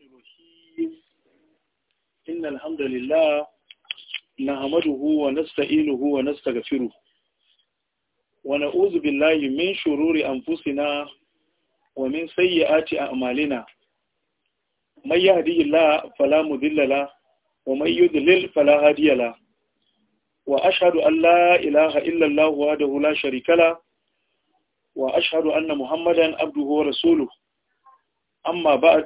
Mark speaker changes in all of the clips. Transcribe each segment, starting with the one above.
Speaker 1: الرحمن الرحيم إن الحمد لله نحمده ونستعينه ونستغفره ونعوذ بالله من شرور أنفسنا ومن سيئات أعمالنا من يهدي الله فلا مذل له ومن يذلل فلا هادي له وأشهد أن لا إله إلا الله وحده لا شريك له وأشهد أن محمدا عبده ورسوله أما بعد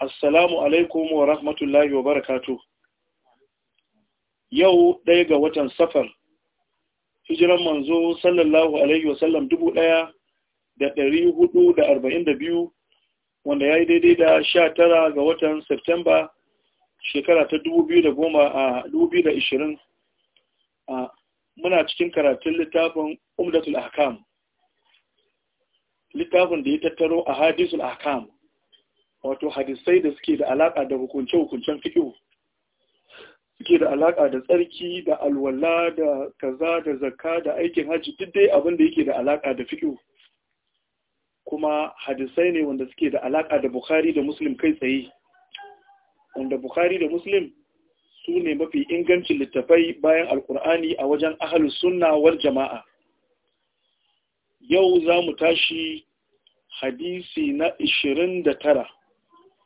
Speaker 1: Assalamu alaikum wa rahmatullahi wa barakatu. Yau ɗaya ga watan safar, hijiran manzo sallallahu Alaihi wa sallam dubu ɗaya da ɗari hudu da arba'in da biyu, wanda ya yi daidai da sha tara ga watan Septemba shekara ta dubu biyu da goma a dubu biyu da ishirin. Muna cikin karatun littafin Umdatul Ahkam, littafin da ya tattaro a Hadisul Ahkam. wato hadisai da suke da alaƙa da hukunce-hukuncen fiƙo suke da alaƙa da tsarki da alwala da kaza da zakka da aikin hajji duk dai abin da yake da alaƙa da fiƙo kuma hadisai ne wanda suke da alaƙa da Bukhari da Muslim kai tsaye wanda Bukhari da Muslim su ne mafi ingancin littafai bayan alkur'ani a wajen ahalus sunna wal jama'a yau za mu tashi hadisi na tara.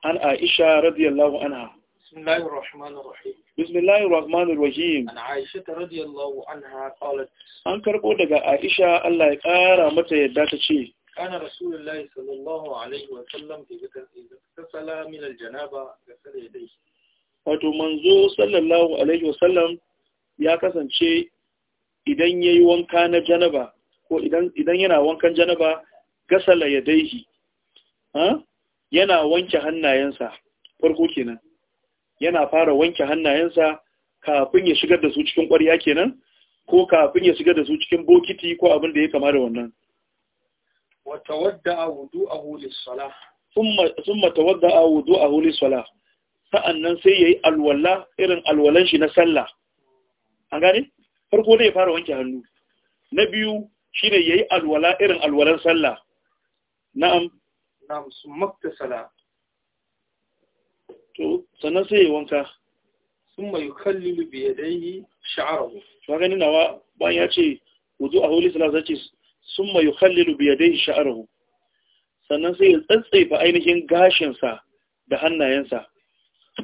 Speaker 1: an Aisha radiyallahu anha بسم الله الرحمن الرحيم بسم الله الرحمن الرحيم عن عائشة رضي الله عنها قالت an karbo daga Aisha Allah ya kara mata yadda كان رسول الله صلى sallallahu alaihi wa sallam ta sala min aljanaba ga sala dai wato manzo sallallahu alaihi wa sallam ya kasance idan yayi wanka na janaba ko idan yana wankan janaba gasala yadaihi ha yana wanke hannayensa farko kenan yana fara wanke hannayensa kafin ya shigar da su cikin ƙwarya kenan ko kafin ya shigar da su cikin bokiti ko abin da ya kama da wannan wa tawadda a wudu a hulisala sala tawadda sa'annan sai ya yi alwala irin alwalan shi na sallah an gane farko da ya fara wanke hannu na biyu shi ne ya yi alwala irin alwalan sallah na'am na su sala. to sannan sai ya wanka sun mai kallilu biya dai sha'arahu ba gani nawa bayan ya ce wuzu a holy salat ce sun mai kallilu biya dai sha'arahu sannan sai ya tsatsaifa ainihin gashinsa da hannayensa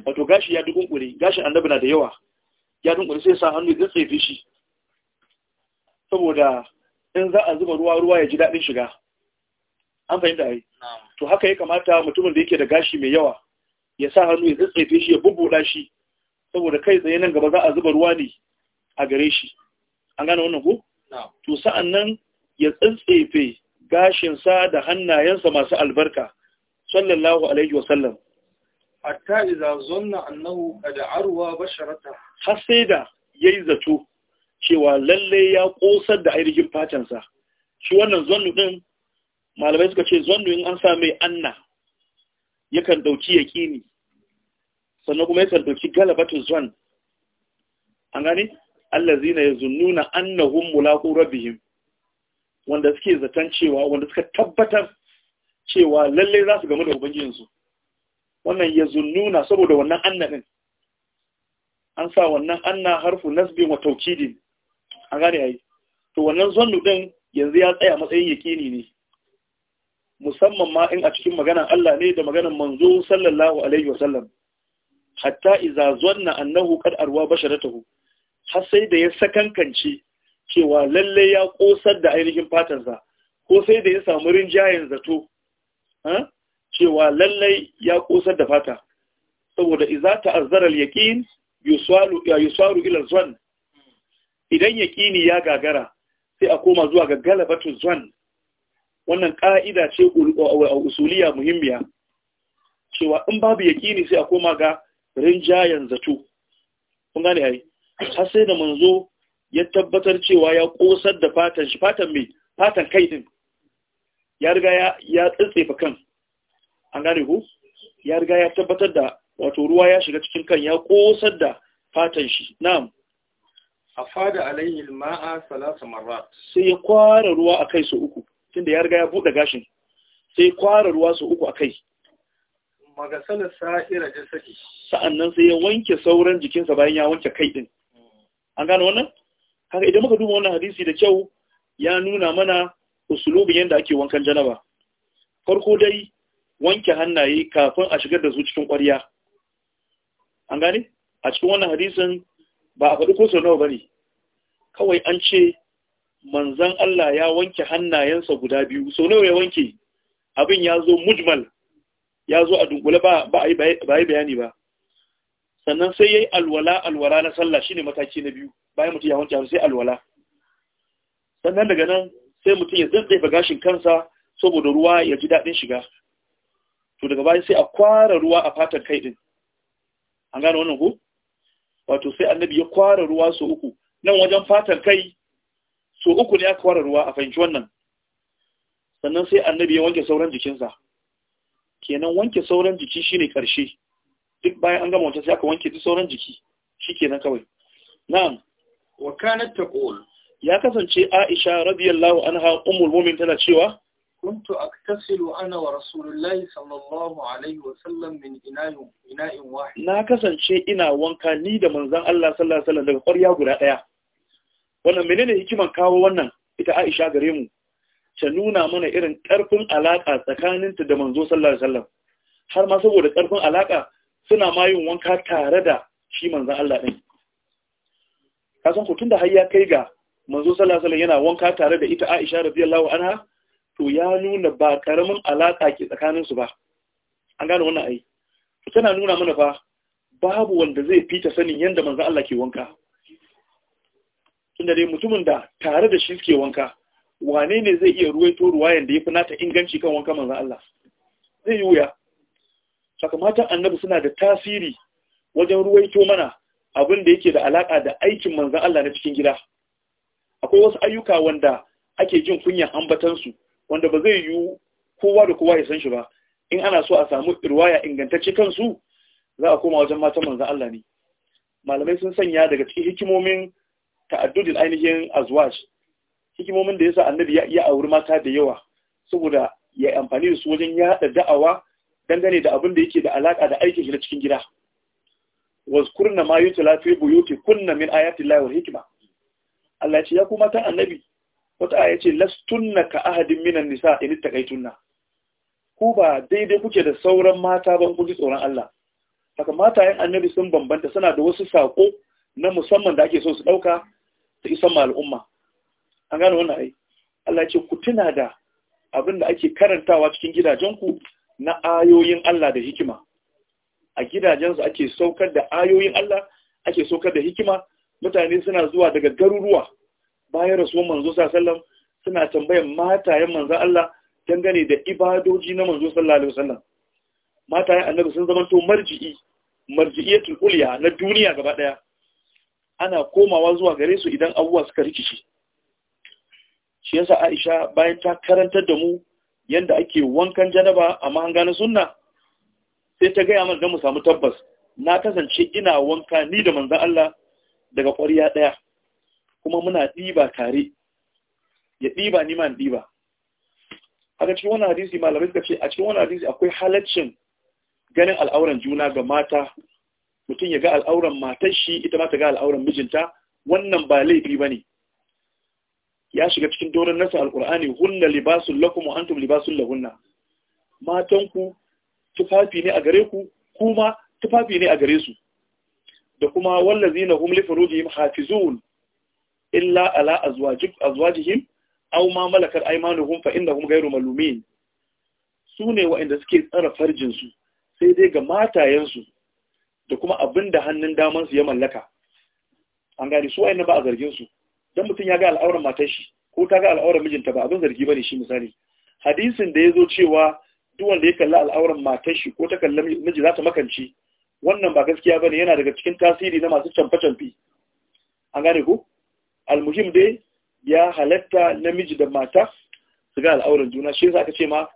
Speaker 1: wato gashi ya dukunkure gashin annabi na da yawa ya dunkure sai sa hannu ya tsatsaife shi saboda in za a zuba ruwa ruwa ya ji daɗin shiga an fahimta ai to haka ya kamata mutumin da yake da gashi mai yawa ya sa hannu ya tsatsefe shi ya bubbuda shi saboda kai tsaye nan gaba za a zuba ruwa ne a gare shi an gane wannan ko to sa'an nan ya gashin gashinsa da hannayensa masu albarka sallallahu alaihi wa sallam hatta idza zanna annahu qad arwa basharata har sai da yayi zato cewa lalle ya kosar da ainihin fatansa shi wannan zannu din malamai suka ce zonu in an sa mai anna yakan dauki yaqini sannan kuma yakan dauki galabatu zon an gane allazina yazunnuna annahum mulaqu rabbihim wanda suke zaton cewa wanda suka tabbatar cewa lalle za su gamu da ubangijinsu wannan yazunnuna saboda wannan anna din an sa wannan anna harfu nasbi wa taukidin an gane ai to wannan zonu din yanzu ya tsaya matsayin yaqini ne musamman ma in a cikin maganan Allah ne da magana manzo sallallahu alaihi wasallam hatta idza zanna annahu qad arwa basharatahu har sai da ya sakankance cewa lalle ya kosar da ainihin fatansa ko sai da ya samu rinjayen zato cewa lalle ya kosar da fata saboda idza ta'azzara al-yaqin yusalu ya yusaru ila zann idan yaqini ya gagara sai a koma zuwa ga galabatu zann wannan ƙa'ida ce usuliya muhimmiya cewa in babu yakini sai a koma ga rinjayen zato kun gane ai har sai da manzo ya tabbatar cewa ya ƙosar da fatan shi fatan mai fatan kai din ya riga ya tsitsefa kan an gane ku ya riga ya tabbatar da wato ruwa ya shiga cikin kan ya ƙosar da fatan shi na'am afada alaihi alma'a salasa marrat sai ya kwara ruwa akai su uku da ya riga ya buɗe gashin sai kwara ruwa su uku a kai sa'ira sa'annan sai ya wanke sauran jikinsa bayan ya wanke kai ɗin. an gano wannan haka idan muka duba wannan hadisi da kyau ya nuna mana usulubin yadda ake wankan janaba farko dai wanke hannaye kafin a shigar da su cikin ƙwarya an gane a cikin wannan hadisin ba a faɗi ko sau nawa ne. kawai an ce manzan Allah ya wanke hannayensa guda biyu so nawa ya wanke abin ya zo mujmal ya zo a dunkule ba ba yi bayani ba sannan sai ya yi alwala alwala na sallah shine mataki na biyu bayan mutum ya wanke sai alwala sannan daga nan sai mutum ya zai gashin kansa saboda ruwa ya ji daɗin shiga to daga bayan sai a kwara ruwa a fatan kai din an gane wannan ko wato sai annabi ya kwara ruwa sau uku nan wajen fatan kai so uku ne aka ware ruwa a fahimci wannan sannan sai annabi ya wanke sauran jikinsa kenan wanke sauran jiki shine karshe duk bayan an gama wata sai aka wanke duk sauran jiki Shi kenan kawai na'am wa kanat taqul ya kasance Aisha radiyallahu anha ummul mu'min tana cewa kuntu aktasilu ana wa rasulullahi sallallahu alaihi wa sallam min ina'in ina'in wahid na kasance ina wanka ni da manzon Allah sallallahu alaihi wa sallam daga ƙwarya guda ɗaya wannan menene hikiman kawo wannan ita Aisha gare mu ta nuna mana irin ƙarfin alaƙa tsakaninta da manzo sallallahu alaihi wasallam har ma saboda ƙarfin alaƙa suna ma yin wanka tare da shi manzo Allah din kasan ku tunda har ya kai ga manzo sallallahu alaihi wasallam yana wanka tare da ita Aisha radiyallahu anha to ya nuna ba karamin alaƙa ke tsakanin su ba an gane wannan ai tana nuna mana fa babu wanda zai fita sanin yanda manzo Allah ke wanka tunda dai mutumin da tare da shi suke wanka wane ne zai iya ruwaito ruwayan da ya fi nata inganci kan wanka manzan Allah zai yi wuya sakamatan annabi suna da tasiri wajen ruwaito mana abin da yake da alaka da aikin manzan Allah na cikin gida akwai wasu ayyuka wanda ake jin kunyan ambatansu wanda ba zai yiwu kowa da kowa ya san shi ba in ana so a samu ruwaya ingantacce kansu za a koma wajen matan manzan Allah ne malamai sun sanya daga cikin hikimomin ta'addudin ainihin azwaj hikimomin da yasa annabi ya iya auri mata da yawa saboda ya amfani da su wajen yada da'awa dangane da abin da yake da alaka da aikin shi na cikin gida wazkurna ma yutla fi buyuti kunna min ayati llahi wal hikma Allah ce ya kuma ta annabi wata aya ce lastunna ka ahadin minan nisa in taqaitunna ku ba daidai kuke da sauran mata ban kuji tsoron Allah saka matayen annabi sun bambanta suna da wasu sako na musamman da ake so su dauka da isan ma al'umma an gane wannan ai Allah ce ku tuna da abinda ake karantawa cikin gidajenku na ayoyin Allah da hikima a gidajensu ake saukar da ayoyin Allah ake saukar da hikima mutane suna zuwa daga garuruwa bayan rasuwan manzo sallallahu suna tambayan matayen manzo Allah dangane da ibadoji na manzo sallallahu alaihi matayen annabi sun zama to marji'i marji'iyatul ulya na duniya gaba daya ana komawa zuwa gare su idan abubuwa suka rikici shi yasa Aisha bayan ta karantar da mu yanda ake wankan janaba a mahanga na sunna sai ta gaya mana don mu samu tabbas na kasance ina wanka ni da manzan Allah daga ƙwariya ɗaya kuma muna ɗiba tare ya ɗiba ni ma in ɗiba haka cikin wani hadisi malamai suka ce a cikin wani hadisi akwai halaccin ganin al'auran juna ga mata mutum ya ga al'auran matan shi ita ma ta ga al'auran mijinta wannan ba laifi bane ya shiga cikin doron nasa alqur'ani hunna libasul lakum wa antum libasul lahunna matan ku tufafi ne a gare ku kuma tufafi ne a gare su da kuma wallazina hum li furujihim hafizun illa ala azwajihim aw ma malakat aymanuhum fa innahum ghayru malumin sune wa inda suke tsara farjin su sai dai ga matayen su da kuma abin da hannun damansu ya mallaka an gane su wa'in ba a zargin su dan mutum ya ga al'auran matar ko ta ga al'auran mijinta ba abin zargi ne shi misali hadisin da ya zo cewa duwanda ya kalli al'auran matar shi ko ta kalla miji za ta makanci wannan ba gaskiya ba ne yana daga cikin tasiri na masu canfa-canfi an gane ku. almuhim dai ya halatta namiji da mata su ga al'auran juna shi yasa aka ce ma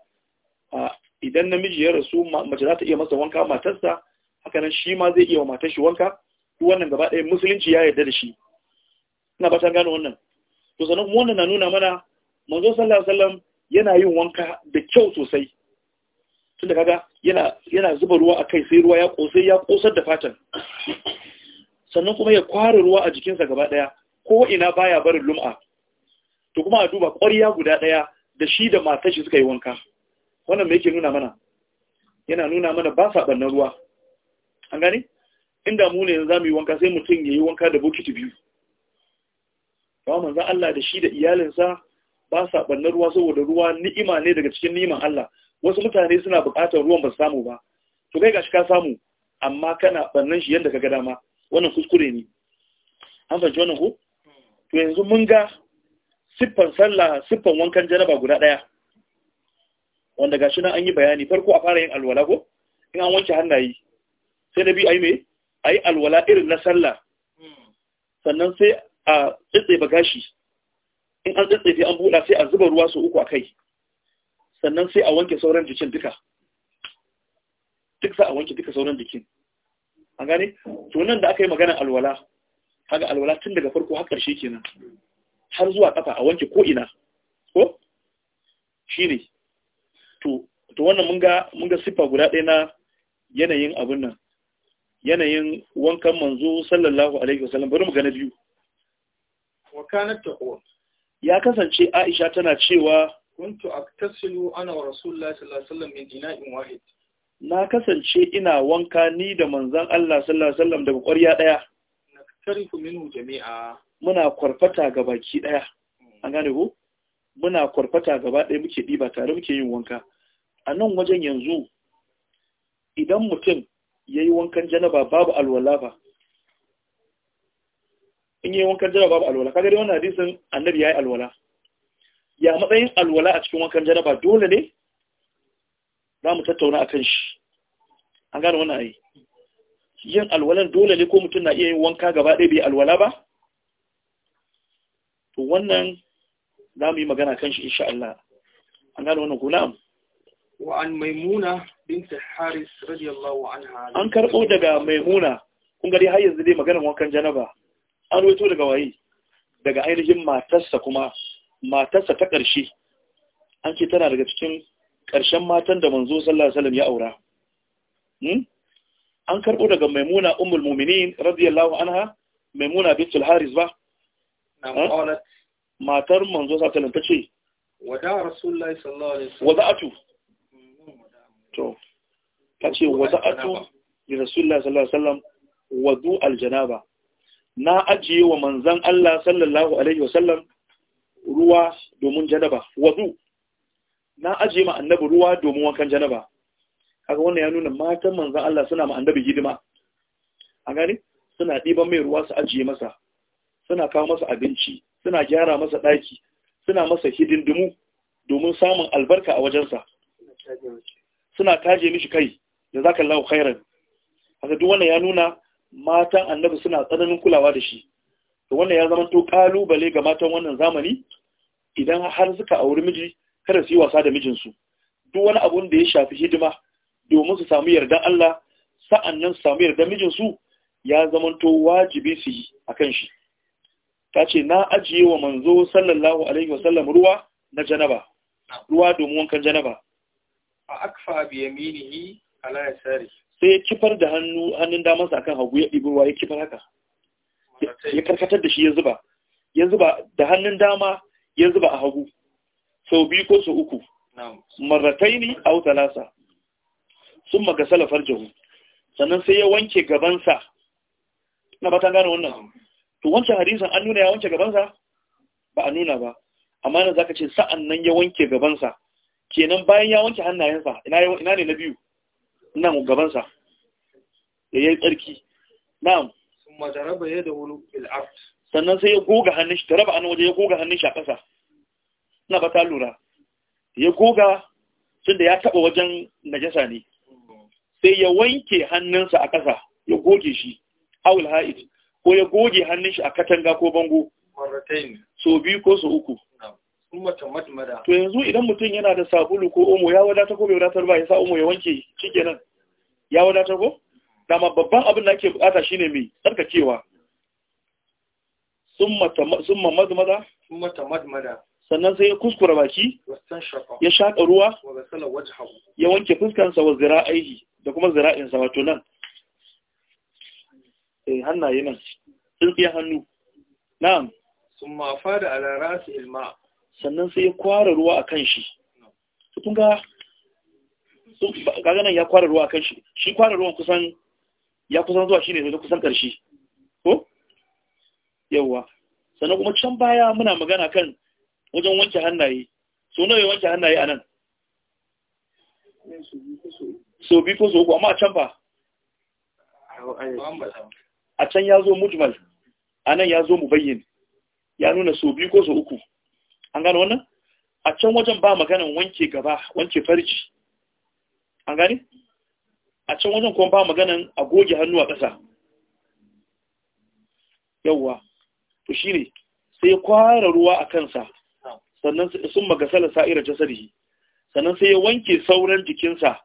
Speaker 1: idan namiji ya rasu mace za ta iya masa wanka matarsa haka nan shi ma zai iya wa matar shi wanka duk wannan gaba ɗaya musulunci ya yarda da shi ina ba ta gano wannan to sannan kuma wannan na nuna mana manzo sallallahu alaihi wasallam yana yin wanka da kyau sosai tunda kaga yana yana zuba ruwa akai sai ruwa ya kosai ya kosar da fatan sannan kuma ya kware ruwa a jikinsa gaba ɗaya ko ina baya barin lum'a to kuma a duba ƙwarya guda ɗaya da shi da matar suka yi wanka wannan me yake nuna mana yana nuna mana ba sa ɓannan ruwa an gane inda mu ne za mu yi wanka sai mutum ya yi wanka da bokiti biyu mu zan Allah da shi da iyalinsa ba sa ɓanna ruwa saboda ruwa ni'ima ne daga cikin ni'iman Allah wasu mutane suna buƙatar ruwan ba su samu ba to kai gashi ka samu amma kana ɓannan shi yadda ka ga dama wannan kuskure ne an fahimci wannan ko to yanzu mun ga siffan sallah siffan wankan janaba guda ɗaya wanda gashi nan an yi bayani farko a fara yin alwala ko in an wanke hannaye sai na biyu a yi mai a yi alwala irin na sallah sannan sai a tsitse gashi in an tsitse an buɗa sai a zuba ruwa su uku a kai sannan sai a wanke sauran jikin duka duk sa a wanke duka sauran jikin an gane tunan da aka yi maganar alwala kaga alwala tun daga farko har ƙarshe kenan har zuwa ƙafa a wanke ko ina ko shine to to wannan mun ga mun ga sifa guda ɗaya na yanayin abin nan yanayin wankan manzo sallallahu alaihi wasallam bari mu ga na biyu wa kanat taqul ya kasance Aisha tana cewa kuntu aktasilu ana wa rasulullahi sallallahu alaihi wasallam min ina'in wahid na kasance ina wanka ni da manzon Allah sallallahu alaihi wasallam daga ƙwarya daya naktarifu minhu jami'a muna kwarfata ga baki daya hmm. an gane ko muna kwarfata gaba daya muke diba tare muke yin wanka a nan wajen yanzu idan mutum yayi wankan janaba babu alwala ba in yayi wankan janaba babu alwala kaga dai wannan hadisin annabi yayi alwala ya matsayin alwala a cikin wankan janaba dole ne za mu tattauna akan shi an gane wannan ai yin alwalan dole ne ko mutum na iya yin wanka gaba ɗaya bai alwala ba to wannan za mu yi magana kan shi insha Allah an gane wannan ko na'am Wa'an Maimuna بنت Haris, radiyallahu الله an karɓo daga maimuna kun gari har yanzu dai maganar wankan janaba an wato daga waye daga ainihin matarsa kuma matarsa ta ƙarshe an ce tana daga cikin ƙarshen matan da manzo Sallasalam ya aura hmm? an karɓo daga maimuna ummul mu'minin radiyallahu anha maimuna bintul haris ba matar manzo sallallahu ta ce wada rasulullahi sallallahu alaihi wasallam wada'atu to ta ce atu, da rasulullah sallallahu alaihi wasallam wadu aljanaba na ajiye wa manzan Allah sallallahu alaihi wasallam ruwa domin janaba wadu na ajiye ma annabi ruwa domin wankan janaba kaga wannan ya nuna matan manzan Allah suna ma annabi hidima a gani suna ɗiban mai ruwa su ajiye masa suna kawo masa abinci suna gyara masa ɗaki suna masa hidindimu domin samun albarka a wajensa suna taje mishi kai da za ka lau khairan haka duk wannan ya nuna matan annabi suna tsananin kulawa da shi to wannan ya zama to kalubale ga matan wannan zamani idan har suka auri miji kada su yi wasa da mijinsu duk wani abun da ya shafi hidima domin su samu yardan Allah sa'annan su samu yardan mijinsu ya zama to wajibi su yi akan shi ta ce na ajiye wa manzo sallallahu alaihi wasallam ruwa na janaba ruwa domin wankan janaba a akfa bi yaminihi ala yasari sai ya kifar da hannu hannun damar sa kan hagu ya ɗibi ruwa ya kifar haka ya karkatar da shi ya zuba ya zuba da hannun dama ya zuba a hagu sau biyu ko sau uku marratai ne a talasa sun maga salafar jahu sannan sai ya wanke gabansa na ba ta gane wannan to wancan hadisan an nuna ya wanke gabansa ba a nuna ba amma na zaka ce sa'an nan ya wanke gabansa kenan bayan ya wanke hannayensa ina ne na biyu Ina gabansa da ya yi tsarki na'am sun jaraba ya da wani bil'aft sannan sai ya goga hannun shi ta raba an waje ya goga hannun shi a ƙasa na ba ta lura ya goga tun da ya taɓa wajen najasa ne sai ya wanke hannunsa a ƙasa ya goge shi awul ha'id ko ya goge hannun shi a katanga ko bango so biyu ko so uku to yanzu idan mutum yana da sabulu ko omo ya wadatar ko bai wadatar ba ya sa omo ya wanke nan ya wadatar ko dama babban abin da ake bukata shine mai tsarkakewa sun madmada sannan sai ya kuskura baki ya shaƙa ruwa ya wanke fuskansa wa zira aiki da kuma zira'insa wato nan eh hannaye nan tsintsiyar hannu na'am summa fada alara su ilma sannan sai ya kwara ruwa a kan shi kun ga gaganan ya kwara ruwa a kan shi shi kwara ruwan kusan ya kusan zuwa shi ne da kusan karshe. ko yawwa sannan kuma can baya muna magana kan wajen wanke hannaye so nawa ya wanke hannaye a nan so biyu ko so uku amma a can ba a can ya zo mujmal a nan ya zo mu bayyana ya nuna so biyu ko so uku an gane wannan a can wajen ba maganan wanke gaba wanke farji an gane a can wajen kuma ba maganan a goge hannu a ƙasa yawwa to shi ne. sai ya kwara ruwa a kansa sannan sun magasala sa'ira jasadihi sannan sai ya wanke sauran jikinsa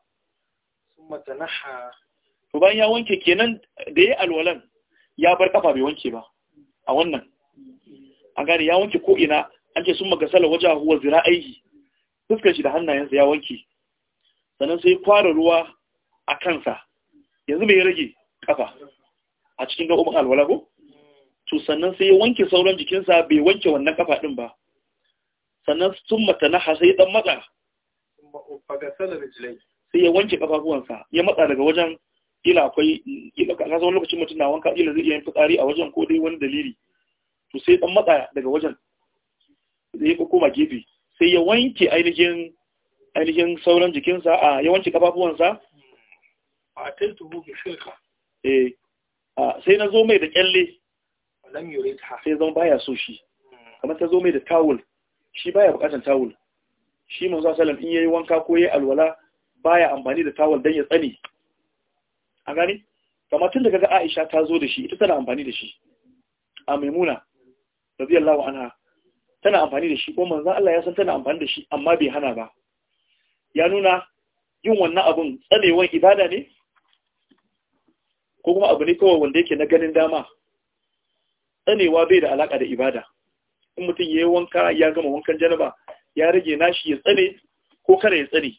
Speaker 1: to bayan ya wanke kenan da ya alwalan ya bar kafa bai wanke ba a wannan an gane ya wanke ko ina an ce sun magasala waje huwa zira aiki fuskar shi da hannayensa ya wanke sannan sai kwara ruwa a kansa yanzu mai rage kafa a cikin umar alwala ko to sannan sai ya wanke sauran jikinsa bai wanke wannan kafa ɗin ba sannan sun mata na hasa ya ɗan matsa sai ya wanke kafafuwansa ya matsa daga wajen ila akwai ila kasar lokacin mutum na wanka ila zai iya yin fitsari a wajen ko dai wani dalili to sai dan matsa daga wajen zai koma gefe sai ya wanke ainihin ainihin sauran jikinsa a ya wanke kafafuwansa a tattu buge shirka eh sai na zo mai da kyalle lam yurita sai zan baya so shi hmm. kamar ta zo mai da tawul shi baya bukatan tawul shi manzo sallam in yayi wanka ko yayi alwala baya amfani da tawul dan ya tsani a gani kamar tun daga Aisha ta zo da shi ita tana amfani da shi a Maimuna radiyallahu anha tana amfani da shi ko manzan Allah ya san tana amfani da shi amma bai hana ba ya nuna yin wannan abun tsanewan ibada ne ko kuma abu ne kawai wanda yake na ganin dama tsanewa bai da alaka da ibada in mutum ya yi wanka ya gama wankan janaba ya rage nashi ya tsane ko kada ya tsane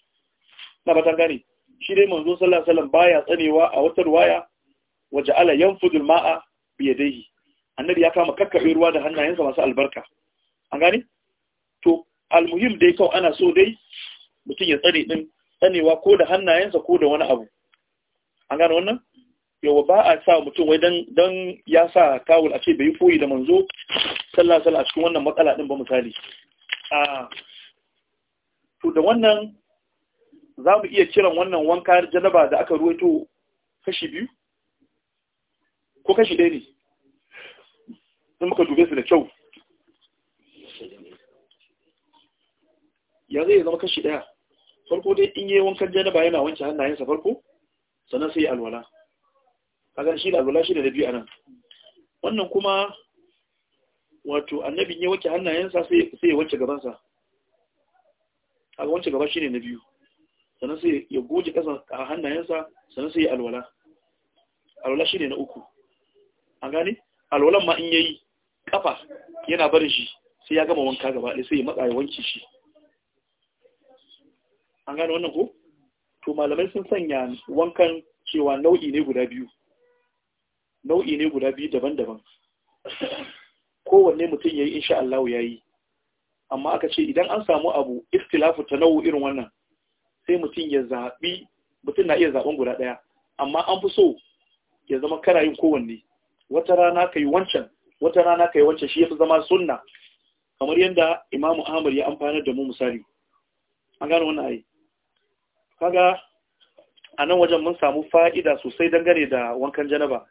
Speaker 1: na batan gane shi dai manzo sallallahu alaihi wasallam baya tsanewa a wata ruwaya waje ala yanfudul ma'a biyadaihi annabi ya kama kakkabe ruwa da hannayensa masu albarka an gane to almuhim dai kawai ana so dai mutum ya tsare din tsanewa ko da hannayensa ko da wani abu an gane wannan yawa ba a sa mutum wai don ya sa kawul a ce bai koyi da manzo sallah sallah a cikin wannan matsala din ba misali to da wannan za mu iya kiran wannan wanka janaba da aka ruwaito kashi biyu ko kashi ɗaya ne sun muka dube su da kyau ya zai zama kashi ɗaya? farko dai in yi wankan janaba yana wanke hannayensa farko sannan sai alwala A kaga shi da alwala shi da biyu anan wannan kuma wato annabin ya wanke hannayensa sai sai ya wanke gabansa ga wanke gaba shi ne na biyu sannan sai ya goge kasa a hannayensa sannan sai ya alwala alwala ne na uku A gani? alwalan ma in yayi kafa yana barin shi sai ya gama wanka gaba ɗaya sai ya matsa ya wanke shi an gane wannan ko to malamai sun sanya wankan cewa nau'i ne guda biyu nau'i ne guda biyu daban-daban kowanne mutum ya yi insha Allah ya yi amma aka ce idan an samu abu istilafu ta nau'u irin wannan sai mutum ya zaɓi mutum na iya zaɓen guda ɗaya amma an fi so ya zama kana yin kowanne wata rana ka yi wancan wata rana ka yi wancan shi ya fi zama sunna kamar yadda imamu ahmad ya amfana da mu misali an gano wannan ayi. kaga a nan wajen mun samu fa'ida sosai dangane da wankan janaba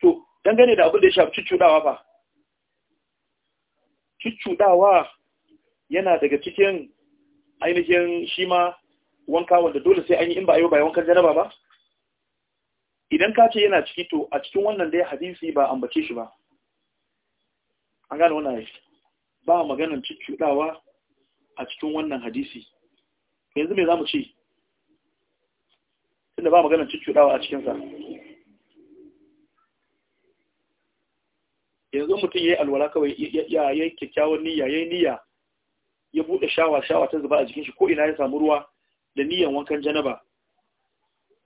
Speaker 1: to dangane da abin da ya shafi cuccudawa ba cuccudawa yana daga cikin ainihin shi ma wanka wanda dole sai an yi in ba a yi ba wankan janaba ba idan ka ce yana ciki to a cikin wannan da ya hadisi ba ambace shi ba an gane wannan ba maganin cuccudawa a cikin wannan hadisi yanzu me za mu ce tunda ba maganar cuccuɗawa a cikinsa yanzu mutum ya yi alwala kawai ya yi kyakkyawan niyya ya yi niyya ya buɗe shawa shawa ta zuba a jikin shi ko ina ya samu ruwa da niyyan wankan janaba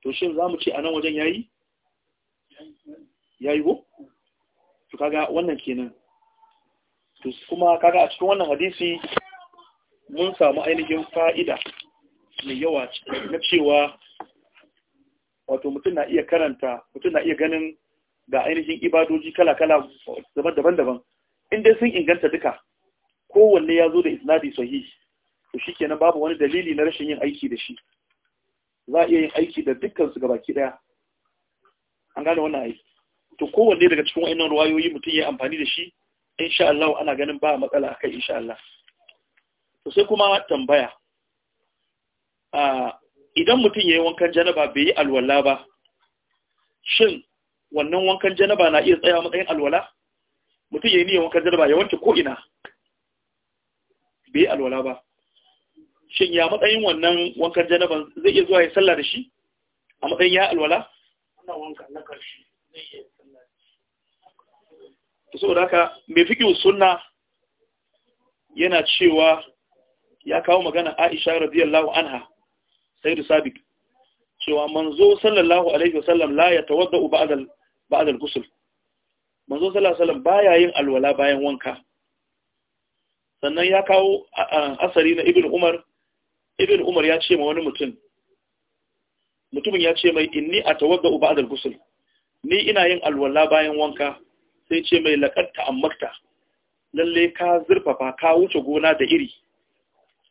Speaker 1: to shin za mu ce a nan wajen ya yi? ya yi to kaga wannan kenan to kuma kaga a cikin wannan hadisi mun samu ainihin fa'ida mai yawa na cewa wato mutum na iya karanta mutum na iya ganin ga ainihin ibadoji kala-kala daban-daban in dai sun inganta duka kowanne ya zo da isnadi sahihi to shikenan babu wani dalili na rashin yin aiki da shi za a iya yin aiki da dukkan su gabaki daya an gane wannan aiki to kowanne daga cikin wa'annan ruwayoyi mutum ya amfani da shi insha Allah ana ganin ba matsala akai insha Allah to sai kuma tambaya a ah, idan mutum ya yi wankan janaba bai yi alwala ba shin wannan wankan janaba na iya tsaya matsayin alwala mutum ya yi niyan wankan janaba ya wanke ko'ina bai yi alwala ba shin ya matsayin wannan wankan janaba zai iya zuwa ya sallah da shi a matsayin ya alwala? saboda haka mai fikin yana cewa ya kawo magana aisha radiyallahu anha sayyidu sabiq cewa manzo sallallahu alaihi wasallam la yatawaddau ba'da ba'da al-ghusl manzo sallallahu alaihi wasallam baya yin alwala bayan wanka sannan ya kawo asari na ibn umar ibn umar ya ce ma wani mutum mutumin ya ce mai inni atawaddau ba'da al-ghusl ni ina yin alwala bayan wanka sai ce mai laqad ta'ammakta lalle ka zurfafa ka wuce gona da iri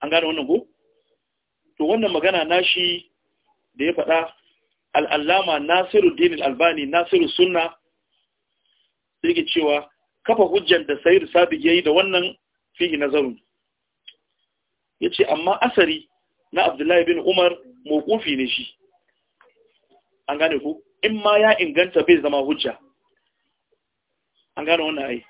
Speaker 1: an gane wannan ko to wannan magana nashi da ya faɗa al'allama nasiru dinin albani nasiru sunna da yake cewa kafa hujjan da sayir sabi ya yi da wannan fihi nazarun ya ce amma asari na abdullahi bin umar mokufi ne shi an gane ku in ma ya inganta bai zama hujja an gane wannan ai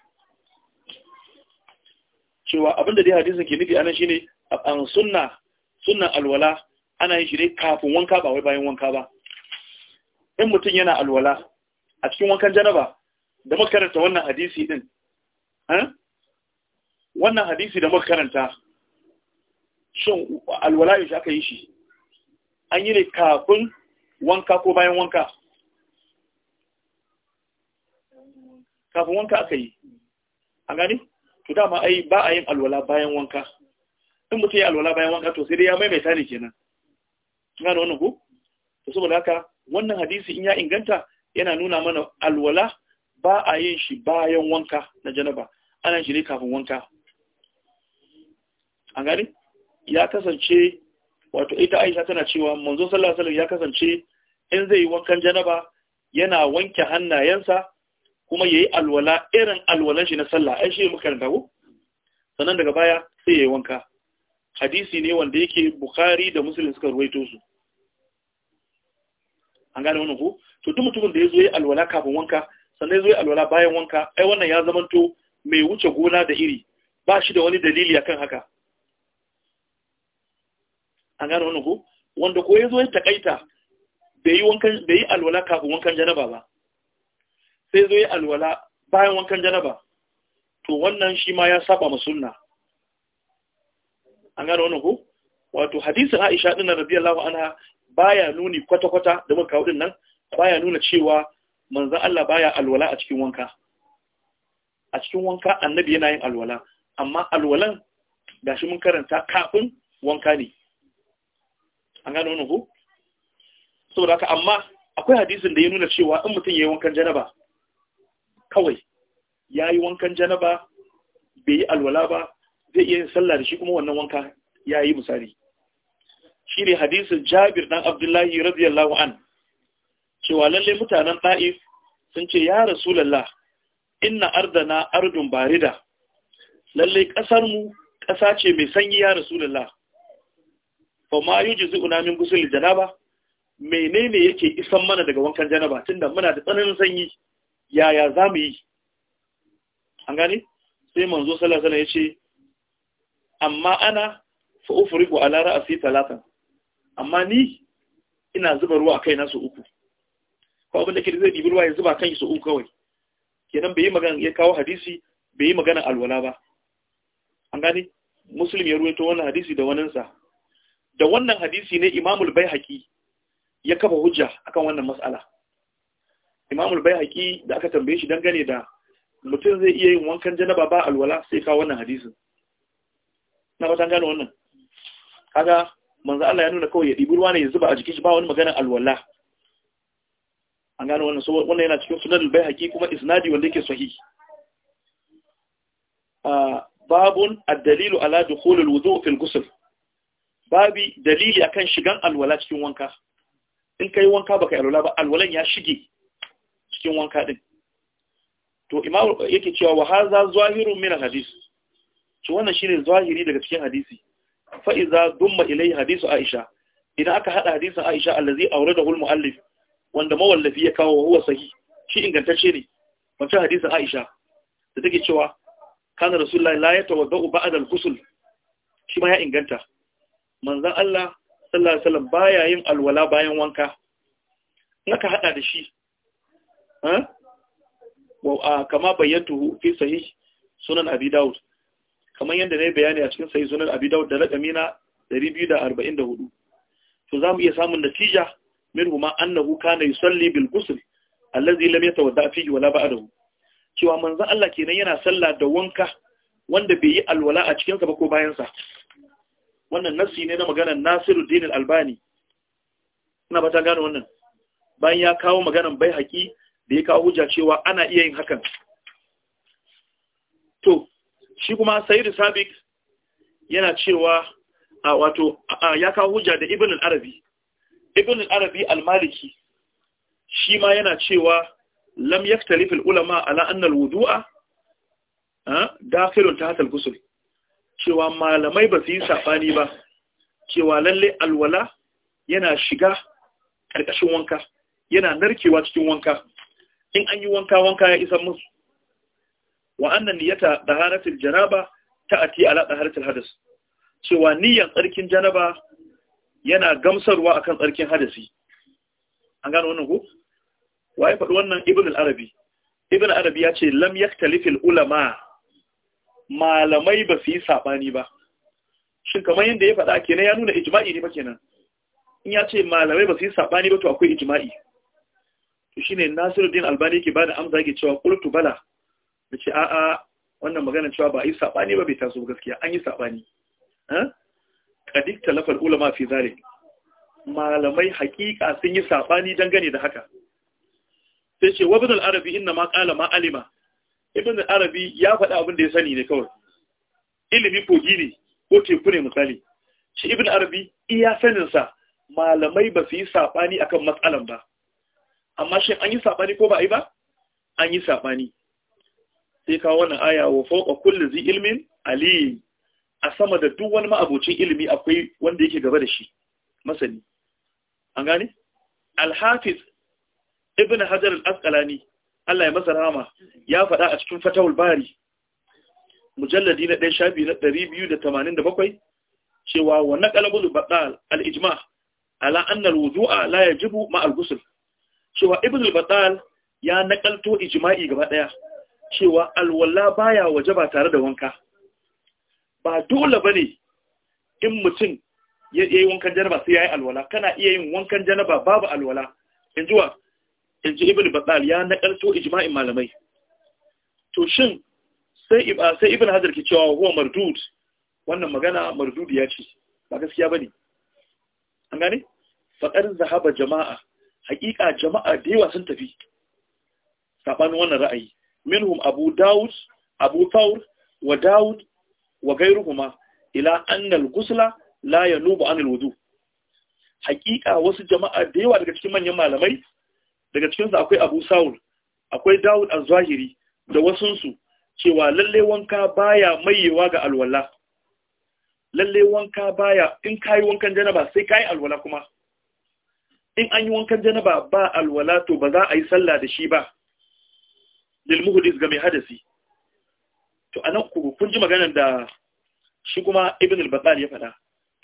Speaker 1: cewa abinda dai hadisin ke nufi anan shine an sunna Sunan alwala ana yin shi ne kafin wanka ba wai bayan wanka ba in mutum yana alwala a cikin wankan janaba da makaranta wannan hadisi din eh? wannan hadisi da makaranta shin alwala yaushe aka yi shi an yi ne kafin wanka ko bayan wanka kafin wanka aka yi a gani to dama ai ba a yin alwala bayan wanka in mutum ya alwala bayan wanka to sai dai ya maimaita ne kenan kina da wannan ko to saboda haka wannan hadisi in ya inganta yana nuna mana alwala ba a yin shi bayan wanka na janaba ana shi ne kafin wanka an gani ya kasance wato ita Aisha tana cewa manzo sallallahu alaihi wasallam ya kasance in zai yi wankan janaba yana wanke hannayensa kuma yayi alwala irin alwalan shi na sallah ai shi muka rinda ko sannan daga baya sai yayi wanka hadisi ne wanda yake Bukhari da Muslim suka ruwaito su an gane wannan ko to duk mutumin da yazo yi alwala kafin wanka sannan yazo yi alwala bayan wanka ai wannan ya zamanto mai wuce gona da iri ba shi da wani dalili akan haka an gane wannan ko wanda ko yazo ya takaita bai yi wankan bai yi alwala kafin wankan janaba ba sai zo yi alwala bayan wankan janaba to wannan shi ma ya saba ma an gano wannan ko wato hadisin Aisha din radiyallahu anha baya nuni kwata-kwata da muka kawo din nan baya nuna cewa manzon Allah baya alwala a cikin wanka a cikin wanka annabi yana yin alwala amma alwalan gashi mun karanta kafin wanka ne an gano wannan ko saboda haka amma akwai hadisin da ya nuna cewa in mutum ya yi wankan janaba kawai ya yi wankan janaba bai yi alwala ba zai iya yin sallah da shi kuma wannan wanka ya yi misali shi ne hadisin jabir dan abdullahi radiyallahu an cewa lalle mutanen ɗa'if sun ce ya rasulallah inna ardana ardun barida lalle ƙasarmu ƙasa ce mai sanyi ya rasulallah Ba ma jizi unamin gusul janaba menene yake isan mana daga wankan janaba tunda muna da tsananin sanyi yaya za mu yi an gane sai manzo sallallahu alaihi ya ce. amma ana fa ufriqu ala ra'si talatan amma ni ina zuba ruwa a kaina su uku ko abin da ke zai dibi ruwa ya zuba kan su uku kawai kenan bai yi magana ya kawo hadisi bai yi magana alwala ba an gani, muslim ya ruwaito wannan hadisi da waninsa da wannan hadisi ne imamul baihaqi ya kafa hujja akan wannan matsala. imamul baihaqi da aka tambaye shi dangane da mutum zai iya yin wankan janaba ba alwala sai kawo wannan hadisin na fatan gano wannan kaga manzo Allah ya nuna kawai ya dibi ruwa ne ya zuba a jikin shi ba wani maganar alwala an gano wannan so wannan yana cikin sunan al-baihaqi kuma isnadi wanda yake ah babun ad-dalilu ala dukhul al-wudu' fi al-ghusl babi dalili akan shigan alwala cikin wanka in kai wanka baka alwala ba alwalan ya shige cikin wanka din to imamu yake cewa wa hadha zahirun min al-hadith to wannan shine zahiri daga cikin hadisi fa iza dumma ilai hadisu aisha idan aka haɗa hadisin aisha allazi awradahu almuallif wanda mawallafi ya kawo huwa sahi. shi ingantacce ne wancan hadisin aisha da take cewa kana rasulullahi la yatawaddau ba'da adal shi ma ya inganta Manzan Allah sallallahu alaihi wasallam baya yin alwala bayan wanka in aka haɗa da shi ha eh, wa kama bayyatuhu fi sahih sunan abi daud kamar yadda na yi bayani a cikin sai sunan abi daud da rakami 244 to za mu iya samun natija min huma annahu kana yusalli bil gusul allazi lam yatawadda fihi wala ba'dahu cewa manzo Allah kenan yana sallah da wanka wanda bai yi alwala a cikin sa ba ko bayan sa wannan nasi ne na maganar Nasiru al-Albani ina ba ta gano wannan bayan ya kawo maganar bai haƙi da ya kawo hujja cewa ana iya yin hakan to shi kuma Sayyid sabik yana cewa a wato ya kawo hujja da ibn al-arabi ibn al-arabi al-maliki shi ma yana cewa lam yaktalif al-ulama ala anna al-wudu'a dakhilun tahta al-ghusl cewa malamai ba su yi sabani ba cewa lalle alwala yana shiga karkashin wanka yana narkewa cikin wanka in an yi wanka wanka ya isa musu wa annan niyyata daharatul janaba ta'ati ala daharatul hadas cewa niyyar tsarkin janaba yana gamsarwa akan tsarkin hadasi an gano wannan ko wai faɗi wannan ibnu al-arabi ibnu al-arabi ya ce lam yaktalif ulama malamai ba su yi sabani ba shin kamar yadda ya faɗa kenan ya nuna ijma'i ne ba kenan in ya ce malamai ba su yi sabani ba to akwai ijma'i to shine nasiruddin albani ke bada amsa yake cewa qultu bala da ce a'a wannan maganar cewa ba a yi saɓani ba bai taso gaskiya an yi saɓani ƙadik eh? talafar ulama fi zare malamai haƙiƙa sun yi saɓani dangane da haka sai ce wabin arabi inna ma ƙala ma alima ibn arabi ya faɗa abin da ya sani ne kawai ilimi kogi ne ko teku ne misali shi ibn Arabi iya saninsa malamai ba su yi saɓani akan matsalan ba amma shi an yi saɓani ko ba a yi ba an yi saɓani sai kawo wannan aya wa fawqa kulli zi ilmin alim a sama da duk wani ma'abocin ilimi akwai wanda yake gaba da shi masani an gane al ibn hajar al-asqalani Allah ya masa rahama ya faɗa a cikin fatawul bari mujalladi na ɗaya shafi na ɗari cewa wa naqalabul batal al-ijma ala anna al-wudu'a la yajibu ma al-ghusl cewa ibn al-batal ya nakalto ijma'i gaba ɗaya cewa alwala baya waje ba tare da wanka ba dole bane in mutum ya yi wankan janaba sai ya yi alwala kana iya yin wankan janaba babu alwala in jiwa in ji ibnu batal ya nakalto ijma'in malamai to shin sai ah, sai ibn hajar ke cewa huwa mardud wannan magana mardud ya ce ba gaskiya bane an gane faqar zahaba jama'a haƙiƙa jama'a da yawa sun tafi sabanin wannan ra'ayi minhum abu daud abu thawr wa daud wa gairuhuma ila annal gusla la yanubu anil wudu hakika wasu jama'a da yawa daga cikin manyan malamai daga cikin akwai abu saul akwai daud az-zahiri da wasunsu cewa lalle wanka baya maiyewa ga alwala lalle wanka baya in kai wankan janaba sai kai alwala kuma in an yi wankan janaba ba alwala to ba za a yi sallah da shi ba lil muhdis ga mai hadasi to anan ku kun ji maganar da shi kuma ibn al-battal ya faɗa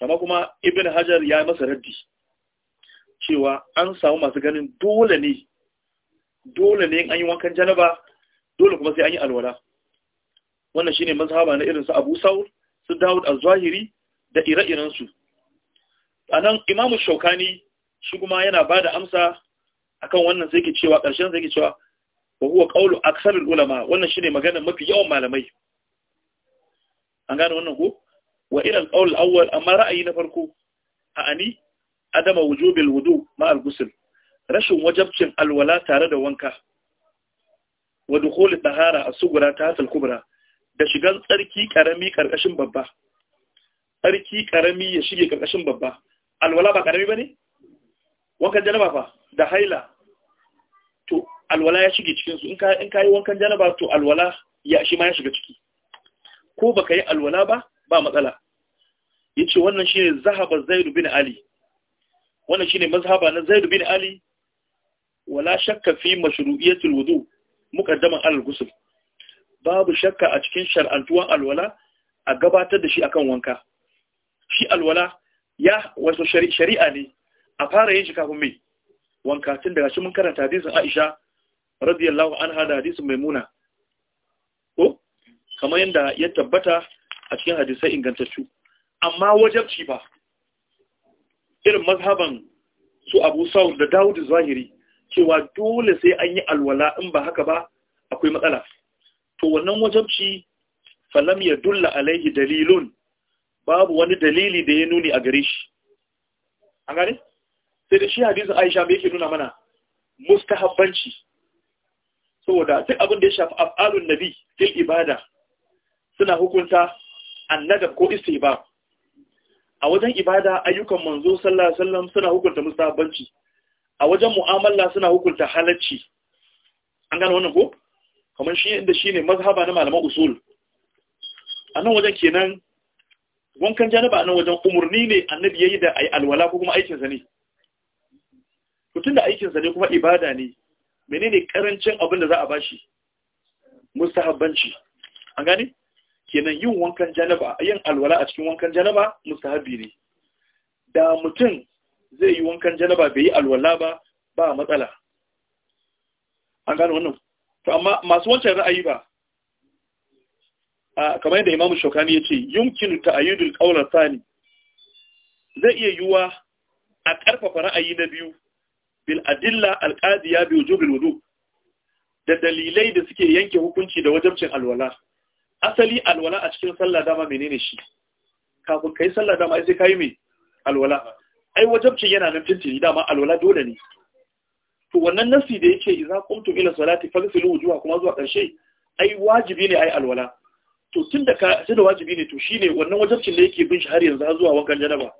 Speaker 1: amma kuma ibn hajar ya masa raddi cewa an samu masu ganin dole ne dole ne an yi wankan janaba dole kuma sai an yi alwala wannan shine mazhaba na irin su Abu Saud su Dawud az-Zahiri da ire-iren su anan Imam shaukani shi kuma yana bada amsa akan wannan sai ke cewa ƙarshen sai ke cewa wa huwa qawlu aksarul ulama wannan shine magana mafi yawan malamai an gane wannan ko wa ila al-qawl amma ra'ayi na farko a ani adama wujubil wudu ma al rashin wajabcin alwala tare da wanka wa dukhul tahara as-sughra ta al-kubra da shigan tsarki karami karkashin babba tsarki karami ya shige karkashin babba alwala ba karami bane wankan janaba fa da haila to alwala ya shige cikinsu in ka yi wankan janaba to alwala ya shi ma ya shiga ciki ko ba ka yi alwala ba ba matsala ya ce wannan shi ne zahaba zaidu bin ali wannan shi ne mazhaba na zaidu bin ali wala shakka fi mashru'iyyatul wudu muqaddaman alal ghusl babu shakka a cikin shar'antuwan alwala a gabatar da shi akan wanka shi alwala ya wasu shari'a ne a fara yin shi kafin mai wanka tun daga shi mun karanta hadisin Aisha radiyallahu anha da hadisin maimuna ko kamar yadda ya tabbata a cikin hadisai ingantaccu amma wajabci ba irin mazhaban su abu sa'ud da dawud zahiri cewa dole sai an yi alwala in ba haka ba akwai matsala to wannan wajabci falam ya dulla alaihi dalilun babu wani dalili da ya nuni a gare shi an gane sai da shi hadisin aisha mai yake nuna mana mustahabbanci saboda duk abin da ya shafi af'alun nabi fil ibada suna hukunta annada ko istiba a wajen ibada ayyukan manzo sallallahu alaihi wasallam suna hukunta musabanci a wajen mu'amala suna hukunta halacci an gane wannan ko kamar shi inda shine mazhaba na malaman usul a nan wajen kenan wankan janaba a nan wajen umarni ne annabi yayi da ai alwala ko kuma aikin sa ne Mutum da aikin sa ne kuma ibada ne menene karancin abin da za a bashi mustahabbanci an gane kenan yin wankan janaba yin alwala a cikin wankan janaba mustahabbi ne da mutum zai yi wankan janaba bai yi alwala ba ba matsala an gane wannan to amma masu wancan ra'ayi ba kamar yadda imamu shokani ya ce yumkinu ta'ayyudul qawla thani zai iya yiwuwa a ƙarfafa ra'ayi na biyu bil adilla alqadiya bi wujubil wudu da dalilai da suke yanke hukunci da wajabcin alwala asali alwala a cikin sallah dama menene shi kafin kai sallah dama sai kai me alwala ai wajabcin yana nan tintiri dama alwala dole ne to wannan nasi da yake idza qumtum ila salati faghsilu wujuhakum zuwa karshe ai wajibi ne ai alwala to tunda ka da wajibi ne to shine wannan wajabcin da yake bin shi har yanzu zuwa wankan janaba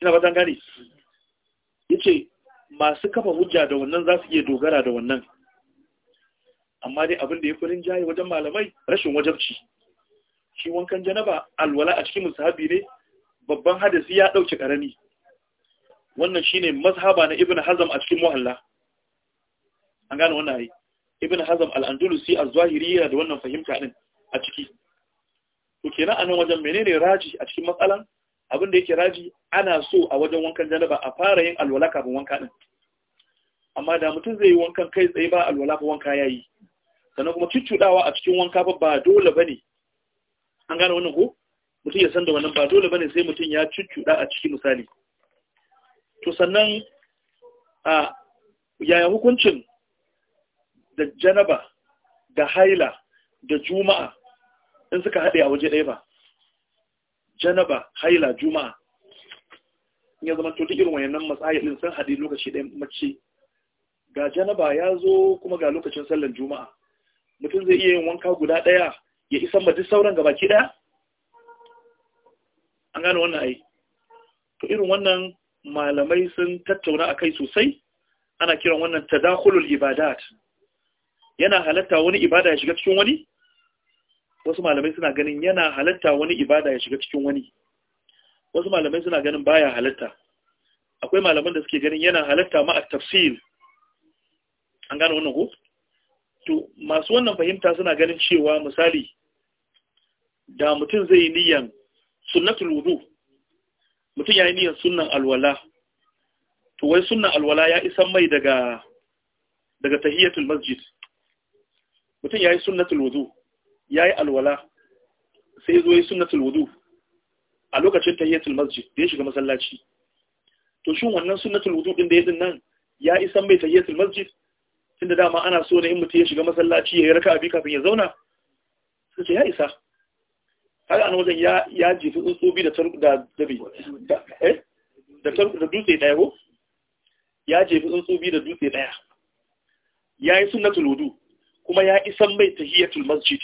Speaker 1: ina ba gane yace masu kafa hujja da wannan za su iya dogara da wannan amma dai abin da ya furin jaye wajen malamai rashin wajabci shi wankan janaba alwala a cikin musahabi ne babban hadisi ya ɗauki ƙarami. wannan shine mazhaba na Ibn Hazam a cikin muhalla an gane wannan ai Ibn Hazam al a az-zahiri yana da wannan fahimta ɗin a ciki to kenan nan wajen menene raji a cikin matsalan abin da yake raji ana so a wajen wankan janaba a fara yin alwala kafin wanka din amma da mutum zai yi wankan kai tsaye ba alwala ba wanka yayi sannan kuma cuccudawa a cikin wanka ba ba dole bane an gane wannan ko mutum ya san da wannan ba dole bane sai mutum ya cuccuda a cikin misali to sannan a yaya hukuncin da janaba da haila da juma'a in suka haɗe a waje ɗaya ba janaba haila juma'a ya zama to duk irin wayannan matsayi din sun hadi lokaci ɗaya mace ga janaba ya zo kuma ga lokacin sallar juma'a mutum zai iya yin wanka guda ɗaya ya isa ma duk sauran ki ɗaya an gano wannan ai to irin wannan malamai sun tattauna a kai sosai ana kiran wannan tadakhulul ibadat yana halatta wani ibada ya shiga cikin wani wasu malamai suna ganin yana halatta wani ibada ya shiga cikin wani wasu malamai suna ganin baya halatta akwai malaman da suke ganin yana halatta ma a tafsir an gane wannan ko to masu wannan fahimta suna ganin cewa misali da mutum zai yi niyan sunnatul wudu mutum ya yi niyan sunnan alwala to wai sunnan alwala ya isa mai daga daga tahiyatul masjid mutum ya yi sunnatul wudu ya yi alwala sai zo yi sunnatul wudu a lokacin tahiyatul masjid da ya shiga masallaci to shin wannan sunnatul wudu din da ya nan ya isan mai tahiyatul masjid tunda dama ana so ne in mutum ya shiga masallaci ya yi raka'a bi kafin ya zauna sai ce ya isa har an wajen ya ya jefi tsotsobi da da dabi da eh? da dutse daya ko ya jefi tsotsobi da dutse daya yi sunnatul wudu kuma ya isan mai tahiyatul masjid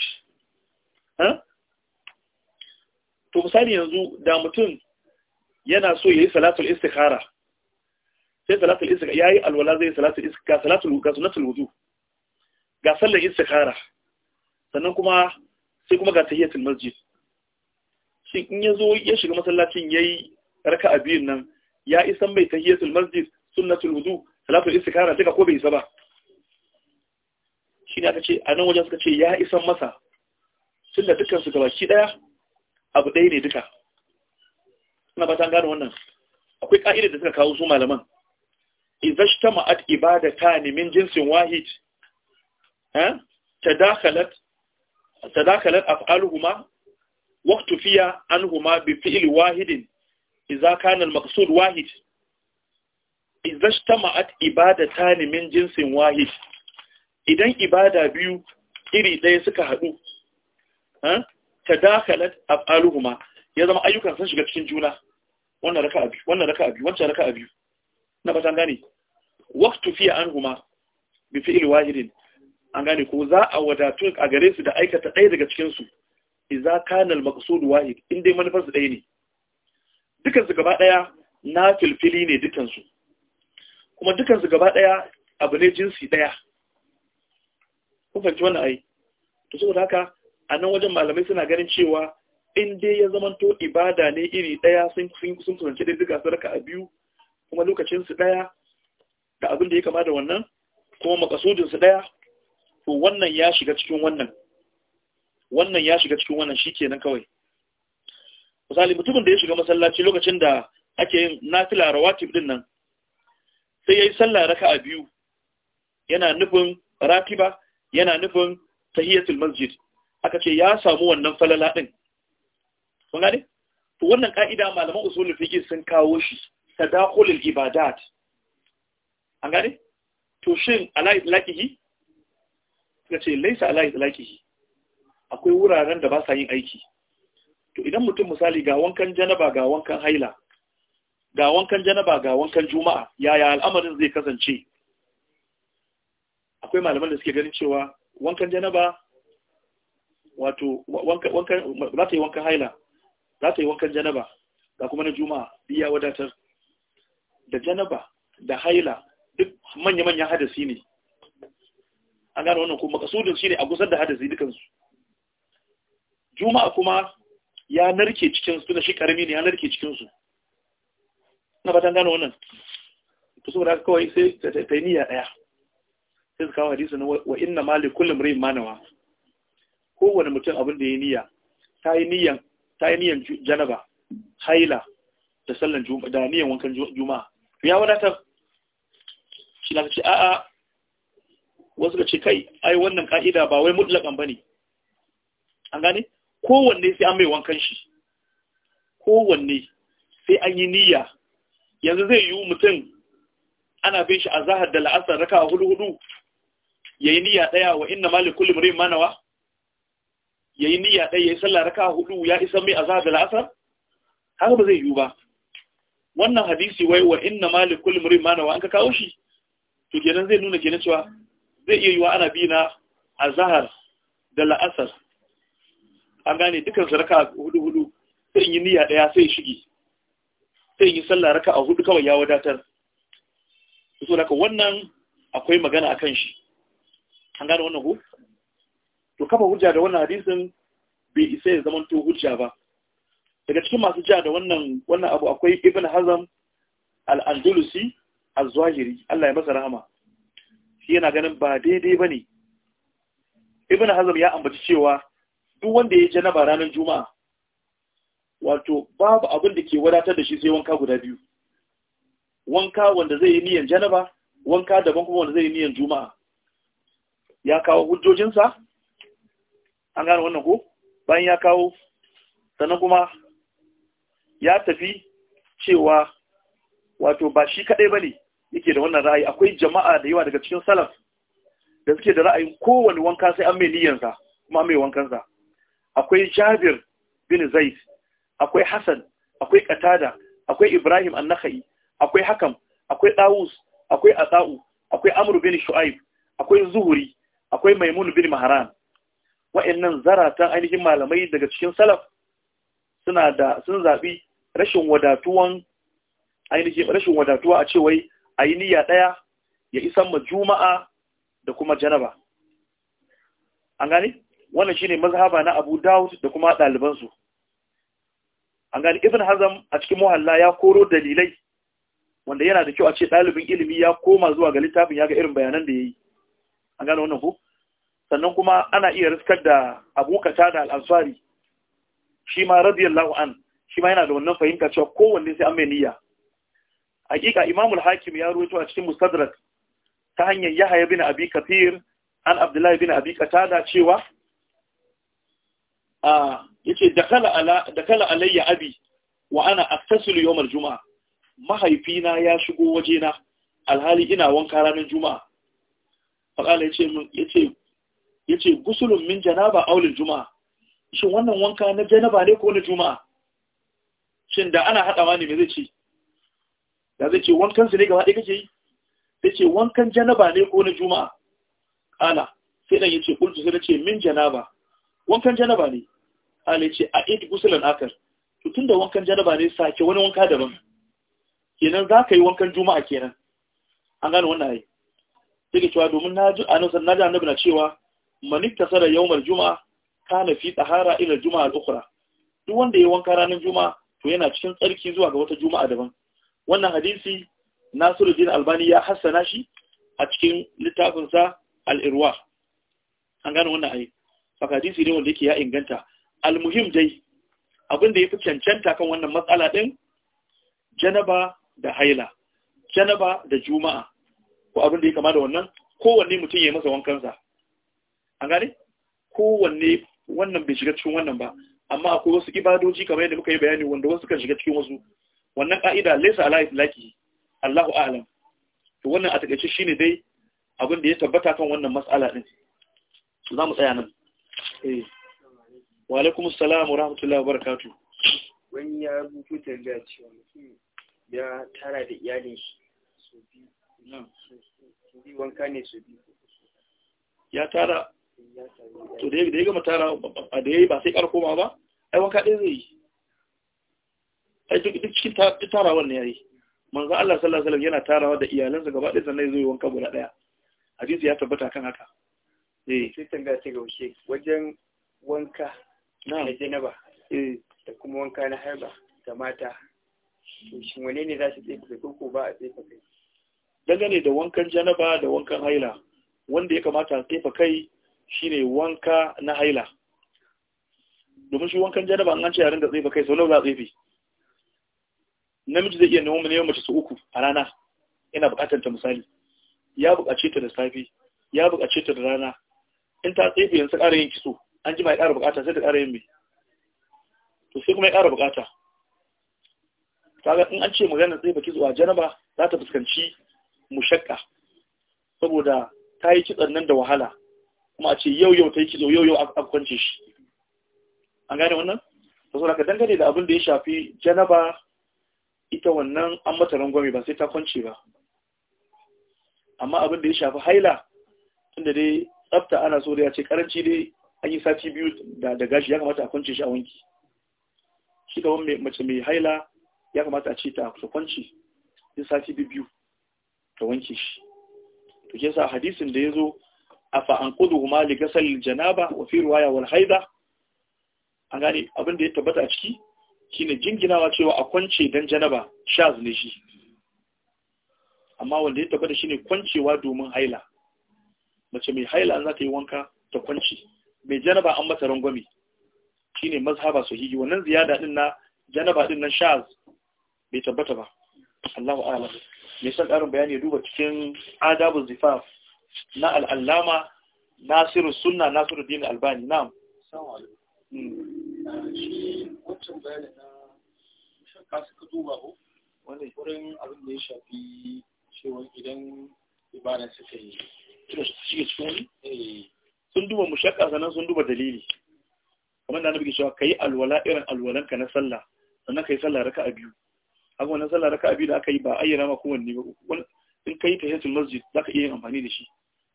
Speaker 1: to misali yanzu da mutum yana so ya yi salatul istikhara sai salatul istikhara ya yi alwala zai salatul istikhara salatul ga sunatul wudu ga sallar istikhara sannan kuma sai kuma ga tahiyatul masjid shi in ya zo ya shiga masallacin yayi raka'a biyun nan ya isan bai tahiyatul masjid sunnatul wudu salatul istikhara duka ko bai isa ba ne aka ce a nan wajen suka ce ya isan masa tun da dukkansu gabaki ɗaya abu ɗaya ne duka ina ba ta gano wannan akwai ƙa'idar da suka kawo su malaman izashta ma'ad ibada ta nemin jinsin wahid eh, ta dakalar af'aluhuma waktu fiya an huma bi fi'il wahidin iza kanar maksud wahid izashta ma'ad ibada ta nemin jinsin wahid idan ibada biyu iri ɗaya suka haɗu ta dakalat af'aluhuma ya zama ayyukan sun shiga cikin juna wannan raka biyu wannan raka biyu wancan raka biyu na ba san gane waqtu fi anhuma bi fi'l wahidin an gane ko za a wadatu a gare su da aikata ɗaya daga cikin su idza kana al-maqsud wahid in dai manufar su ɗaya ne dukan su gaba ɗaya na filfili ne dukan su kuma dukan su gaba ɗaya abu ne jinsi ɗaya kun fahimci wannan ai to saboda haka a nan wajen malamai suna ganin cewa in dai ya zamanto ibada ne iri ɗaya sun sun kusanci da duka sadaka a biyu kuma lokacin su ɗaya da abin da ya kama da wannan kuma makasudin su ɗaya to wannan ya shiga cikin wannan wannan ya shiga cikin wannan shikenan kawai misali mutumin da ya shiga masallaci lokacin da ake yin nafila rawatib din nan sai yayi sallah raka'a biyu yana nufin ratiba yana nufin tahiyatul masjid aka ce ya samu wannan falala ɗin. Sun gane to wannan ka'ida malaman usulul fiqh sun kawo shi tadakhulul ibadat an gane to shin ala idlaqihi suka ce laisa ala idlaqihi akwai wuraren da ba sa yin aiki to idan mutum misali ga wankan janaba ga wankan haila ga wankan janaba ga wankan juma'a yaya al'amarin zai kasance akwai malaman da suke ganin cewa wankan janaba wato za ta yi wankan haila za ta yi wankan janaba ga kuma na juma'a biya wadatar da janaba da haila duk manya-manyan hadasi ne an gano wannan kuma kasudin shi ne a gusar da hadasi dukansu juma'a kuma ya narke cikinsu tuna shi karami ne ya narke cikinsu na fatan gano wannan to saboda kawai sai ta yi niyya daya sai su kawo hadisi na wa inna mali kullum rai manawa kowane mutum abin da ya niyya ta yi niyan ta yi niyan janaba haila da sallan juma'a da niyan wankan juma'a to ya wadatar shi na ce a'a wasu ka ce kai ai wannan ka'ida ba wai mutlakan bane an gane kowanne sai an mai wankan shi kowanne sai an yi niyya yanzu zai yi mutum ana bin shi a zahar da la'asar raka a hudu hudu ya yi niyya ɗaya wa inna mali murin manawa Ya yi niyya ɗaya ya sallah raka hudu ya isa mai azhar da la'asar haka ba zai yiwu ba wannan hadisi wai wa inna malik kulli murin mana wa an ka kawo shi to kenan zai nuna kenan cewa zai iya yiwa ana bi na azhar da la'asar an gane dukkan su raka hudu hudu sai yi niyya ɗaya sai shige sai yi sallah raka a hudu kawai ya wadatar so daga wannan akwai magana akan shi an gane wannan ko to kafa hujja da wannan hadisin bai isa ya zama to hujja ba daga cikin masu jiya da wannan wannan abu akwai ibn hazam al-andalusi az-zahiri Allah ya masa rahama shi yana ganin ba daidai bane ibn hazam ya ambaci cewa duk wanda ya janaba ranar juma'a wato babu abin da ke wadatar da shi sai wanka guda biyu wanka wanda zai yi niyan janaba wanka daban kuma wanda zai yi niyan juma'a ya kawo hujjojinsa an gane wannan ko bayan ya kawo sannan kuma ya tafi cewa wato ba shi kaɗai ba ne yake da wannan ra'ayi akwai jama'a da yawa daga cikin salaf da suke da ra'ayin kowane wanka sai an mai niyyansa kuma an mai wankansa akwai Jabir bin Zaid akwai Hassan akwai Katada. akwai Ibrahim annakai akwai Hakam akwai Dawus akwai Asa'u akwai amru bin Shu'aib akwai Zuhuri. akwai Maimun bin Mahran wa'annan zaratan ainihin malamai daga cikin salaf suna da sun zabi rashin wadatuwan ainihin rashin wadatuwa a ce wai ɗaya daya ya isa ma juma'a da kuma janaba an gani wannan shine mazhaba na Abu Dawud da kuma ɗalibansu. su an gane Ibn Hazm a cikin muhalla ya koro dalilai wanda yana da kyau a ce ɗalibin ilimi ya koma zuwa ga littafin ya ga irin bayanan da yayi an gane wannan ko sannan kuma ana iya riskar da abu da al'ansari shi ma radiyar la’u’an shi ma yana da wannan fahimta cewa kowanne sai an mai niyya hakika imamul hakim ya ruwaito a cikin mustadrak ta hanyar yahaya bin abi kafir an abdullahi bin abi da cewa a ah, yace dakala alayya abi wa ana aktasilu yawmal juma'a mahaifina ya shigo wajena alhali ina wanka ranar juma'a faqala yace mun yace Ya ce, gusulun min janaba aulil juma'a shin wannan wanka na janaba ne ko na juma'a shin da ana hadawa ne me zai ce da zai ce wankan su ne gaba ɗaya kake yi Ya ce wankan janaba ne ko na juma'a ala sai ya ce ƙulci sai ce min janaba wankan janaba ne ala ce a id gusulun akar Tutun da wankan janaba ne sake wani wanka daban kenan za ka yi wankan juma'a kenan an gane wannan yi sai cewa domin na ji a nan na ji annabi na cewa manikta sada yawmar juma'a kana fi tsahara ila juma'a al-ukhra duk wanda ya wanka ranar juma'a to yana cikin tsarki zuwa ga wata juma'a daban wannan hadisi Nasiruddin Albani ya hassana shi a cikin littafin sa al-irwa an gano wannan ai fa hadisi ne wanda yake ya inganta al-muhim dai abin da yafi cancanta kan wannan matsala din janaba da haila janaba da juma'a ko abin da ya kama da wannan kowanne mutum ya yi masa wankansa an gane kowanne wannan bai shiga cikin wannan ba amma akwai wasu ibadoji kamar yadda muka yi bayani wanda wasu kan shiga cikin wasu wannan ka'ida laisa ala itlaqi Allahu a'lam to wannan a takaice shine dai abin da ya tabbata kan wannan mas'ala din za mu tsaya nan eh wa alaikum assalam wa rahmatullahi wa barakatuh wani ya rubuta tambaya cewa mutum ya tara da iyalin shi su bi wanka ne su bi ya tara to da ya gama tara da ya yi ba sai ƙar koma ba ai wanka ɗaya zai yi ai duk cikin tarawar ne ya yi manzo Allah sallallahu alaihi yana tarawa da iyalansa gaba ɗaya sannan zai yi wanka guda ɗaya hadisi ya tabbata kan haka eh sai tanga ta gaushe wajen wanka na janaba eh da kuma wanka na haiba da mata shin wane ne za su tsaye da koko ba a tsaye kai dangane da wankan janaba da wankan haila wanda ya kamata a tsefa kai shine wanka na haila domin shi wankan janaba an ce yarin da tsefa kai sau nawa za tsefe namiji zai iya nemo neman mace su uku a rana ina bukatar ta misali ya bukace ta da safi. ya bukace ta da rana in ta tsefe yanzu ƙara yin kitso an ji mai ya ƙara bukata sai ta ƙara yin mai to sai kuma ya ƙara bukata kaga in an ce maganar tsefe kitso a janaba za ta fuskanci mushakka saboda ta yi kitsan nan da wahala kuma a ce yau yau ta yi kizo yau yau a kwance shi an gane wannan da saboda ka dangane da abin da ya shafi janaba ita wannan an mata rangwami ba sai ta kwance ba amma abin da ya shafi haila inda dai tsafta ana so da ya ce karanci dai an yi sati biyu da gashi ya kamata a kwance shi a wanki shi gaban mace mai haila ya kamata a ce ta su kwanci yin sati biyu ta wanke shi to ke hadisin da ya zo afa an kudu ma li gasal janaba wa fi riwaya wal haida an gane abin da ya tabbata a ciki shine jinginawa cewa a kwance dan janaba shaz ne shi amma wanda ya tabbata shine kwancewa domin haila mace mai haila za ta yi wanka ta kwance mai janaba an mata rangwame shine mazhaba sahihi wannan ziyada din na janaba din nan shaz bai tabbata ba Allahu a'lam me san karin bayani duba cikin Adabu zifaf na al'allama nasiru sunna nasiru din albani na shakka suka duba ko wanda wurin abin da ya shafi idan ibada suka yi eh. sun duba mushakka sannan sun duba dalili kamar da nabi cewa kai alwala irin alwalanka na sallah sannan kai sallah raka a biyu haka wannan sallah raka a biyu da aka yi ba ayyana ma kowanne ba in kai ta hiyatul masjid za ka iya yin amfani da shi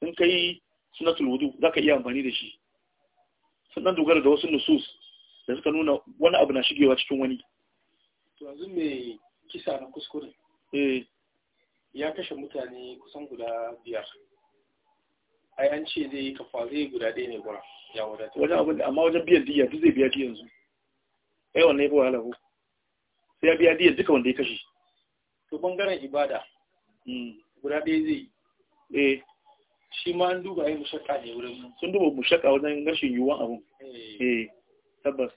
Speaker 1: in ka yi sunatul wudu za ka iya amfani da shi sun ɗan dogara da wasu nusus da suka nuna wani abu na shigewa cikin wani to yanzu mai kisa na kuskure eh ya kashe mutane kusan guda biyar ai an ce zai yi kafa zai guda ɗaya ne gura ya wadata wajen abin da amma wajen biyan diya duk zai biya diya yanzu ai wannan ya fi wahala ko sai ya biya diya duka wanda ya kashe to bangaren ibada hmm. guda ɗaya zai eh shi ma an duba yi mushaka ne wurin sun duba mushaka wajen rashin yiwuwan abu eh, eh tabbas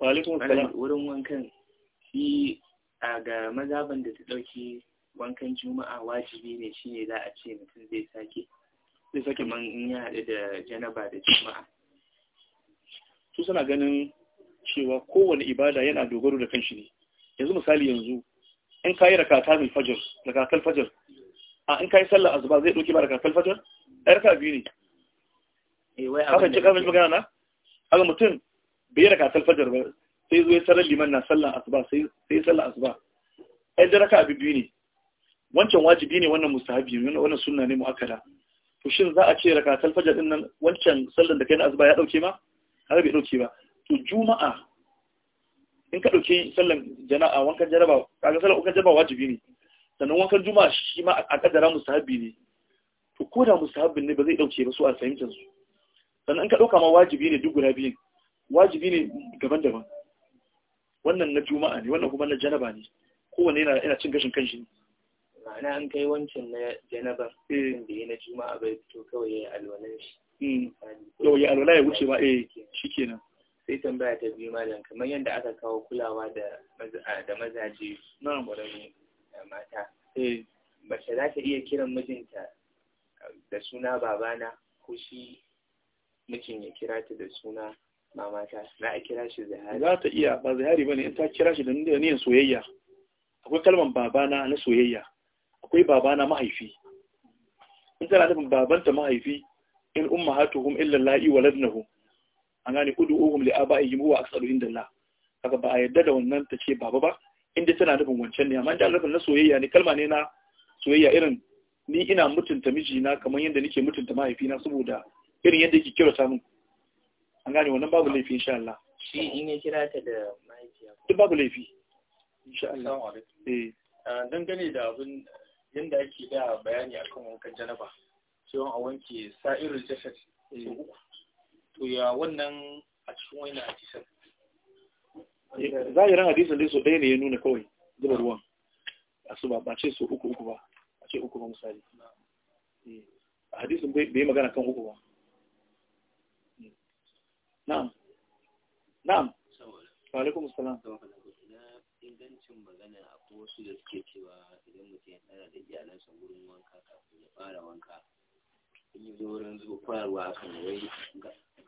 Speaker 1: walekun salam wurin wankan shi a ga mazaban da ta dauki wankan juma'a wajibi ne shine za a ce mutum zai sake zai sake man in ya haɗu da janaba da juma'a su suna ganin cewa kowane ibada yana dogaro da kanshi ne yanzu misali yanzu in kayi rakata mai fajar rakatar fajar a in kai sallar azuba zai dauke ba daga kalfajar ai raka biyu ne eh wai abin da kafin magana na aga mutum bai raka kalfajar ba sai zo sarar liman na sallar azuba sai sai sallar azuba ai da raka biyu ne wancan wajibi ne wannan musahabi ne wannan sunna ne muakkada to shin za a ce raka kalfajar din nan wancan sallar da kai na azuba ya dauke ma har bai dauke ba to juma'a in ka dauke sallar jana'a wankan jaraba kaga sallar wankan jaraba wajibi ne sannan wankan juma'a shi ma a kaddara musahabi ne to ko da musahabin ne ba zai dauke ba su a fahimtar su sannan ka dauka ma wajibi ne duk guda biyun wajibi ne gaban daban wannan na juma'a ne wannan kuma na janaba ne kowanne yana yana cin gashin kanshi ne ma'ana an kai wancan na janaba eh. da ya na juma'a bai fito kawai ya alwalan shi hmm. yau ya alwala ya wuce ba eh shikenan sai tambaya ta biyu malam kamar yadda aka kawo kulawa da mazaje na wurin da mata eh. mace za ta iya kiran mijinta da suna babana ko shi mijin ya kira ta da suna mamata na a kira shi zahari za ta iya ba zahari ba ne in ta kira shi da niyan soyayya akwai kalmar babana na soyayya akwai babana mahaifi in tana nufin babanta mahaifi in umma ummahatuhum illa la'i waladnahum an gane ud'uhum li aba'ihim huwa aqsadu indallah kaga ba a yadda da wannan ta ce baba ba inda tana nufin wancan ne amma da nufin na soyayya ne kalma ne na soyayya irin ni ina mutunta mijina kamar yadda nake mutunta mahaifina saboda irin yadda yake kira ta min an gane wannan babu laifi insha Allah shi in ya kira ta da mahaifiya duk babu laifi insha Allah eh gane da abin yadda ake da bayani akan wankan janaba cewa a wanke sa'irin jasad eh. to ya wannan a cikin wani hadisan zahirin hadisin dai so ɗaya ne ya nuna kawai zuba ruwan a su ba ba ce su uku uku ba a ce uku ba misali a eh, hadisin bai magana kan uku ba na'am na'am wa alaikum salam ingancin magana a kuma su da suke cewa idan mutum ya tsara da iyalansa wurin wanka kafin ya fara wanka in yi zo wurin zo fararwa kan wai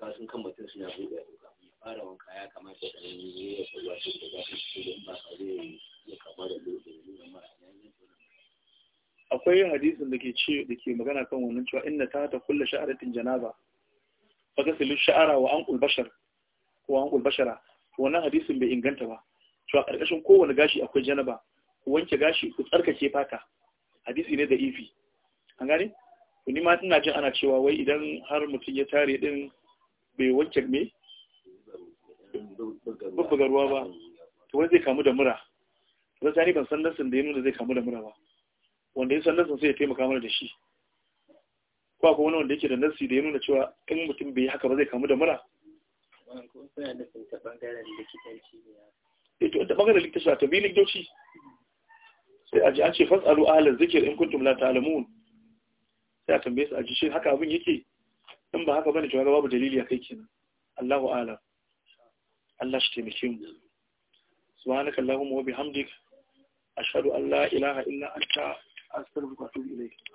Speaker 1: ga sun kan mutum suna buɗe da duka ya fara wanka ya kamata da yin yi ya kwalwa shi da zafi su da ba ka zai ya kama da lodi da lura mara yanzu akwai hadisin da ke ce da ke magana kan wannan cewa inna ta ta kulle sha'aratin janaba fa gasilu sha'ara wa anqul bashar ko anqul bashara wannan hadisin bai inganta ba cewa karkashin kowane gashi akwai janaba ku wanke gashi ku tsarkake fata hadisi ne da ifi an gane ni ma ina jin ana cewa wai idan har mutum ya tare din bai wanke me bubbuga ruwa ba to wani zai kamu da mura zai ni ban san nasin da ya nuna zai kamu da mura ba wanda ya san nasin sai ya taimaka mana da shi ko akwai wani wanda yake da nasi da ya nuna cewa in mutum bai haka ba zai kamu da mura eh, to ta bangaren likitanci a tabi likitoci sai a ji an ce fasalu ahalar zikir in kuntum la ta'lamun sai a tambaye su a jishin haka abin yake in ba haka bane cewa babu dalili a kai kenan Allahu a'lam Allah shi taimake mu subhanaka allahumma wa bihamdika ashhadu an la ilaha illa anta astaghfiruka wa atubu ilayk